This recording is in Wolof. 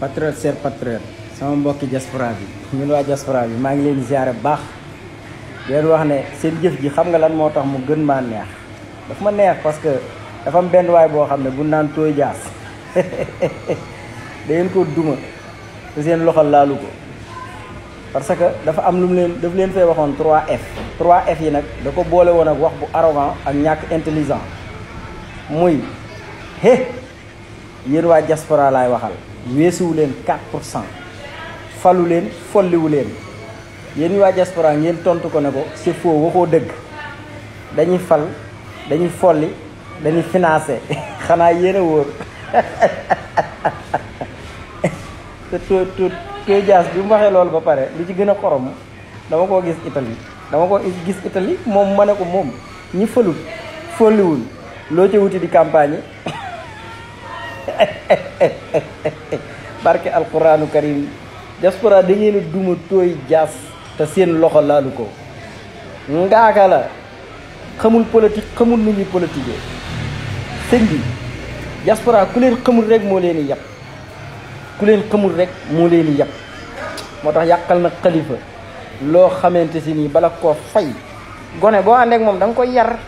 patriote ser patriote sama mbokki diaspora bi ñun waa diaspora bi maa ngi leen ziare bu baax leen wax ne seen jëf ji xam nga lan moo tax mu gën maa neex daf ma neex parce que dafa am benn waay boo xam ne bu naan tooy jaas da ngeen ko duma te seen loxo laalu ko parce que dafa am lu mu leen daf leen fay waxoon 3F trois f yi nag da ko boole woon ak wax bu arrogant ak ñàkk intelligent muy hé yéen waa diaspora laay waxal weesuwu leen 4 pour cent falu leen folliwu leen yéen waa diaspora ngeen tontu ko ne ko c'est faux waxoo dëgg dañuy fal dañuy folli dañuy financé xanaa yéen a wóor te to to to bi mu waxee loolu ba pare lu ci gën a xorom dama koo gis Italie dama ko gis Italie moom ma ne ko moom ñi fëlut folliwul loo ca wuti di campagne barke alquranu karim diaspora dañee na duma tooy jaas te seen loxo laalu ko ngaaka la xamul politique xamul nu ñuy politique sëñ bi diaspora ku leen xamul rek moo leen yàpp ku leen xamul rek moo leen yàpp moo tax yàqal na xalifa loo xamante si nii bala koo fay gone boo ànd ak moom da nga koy yar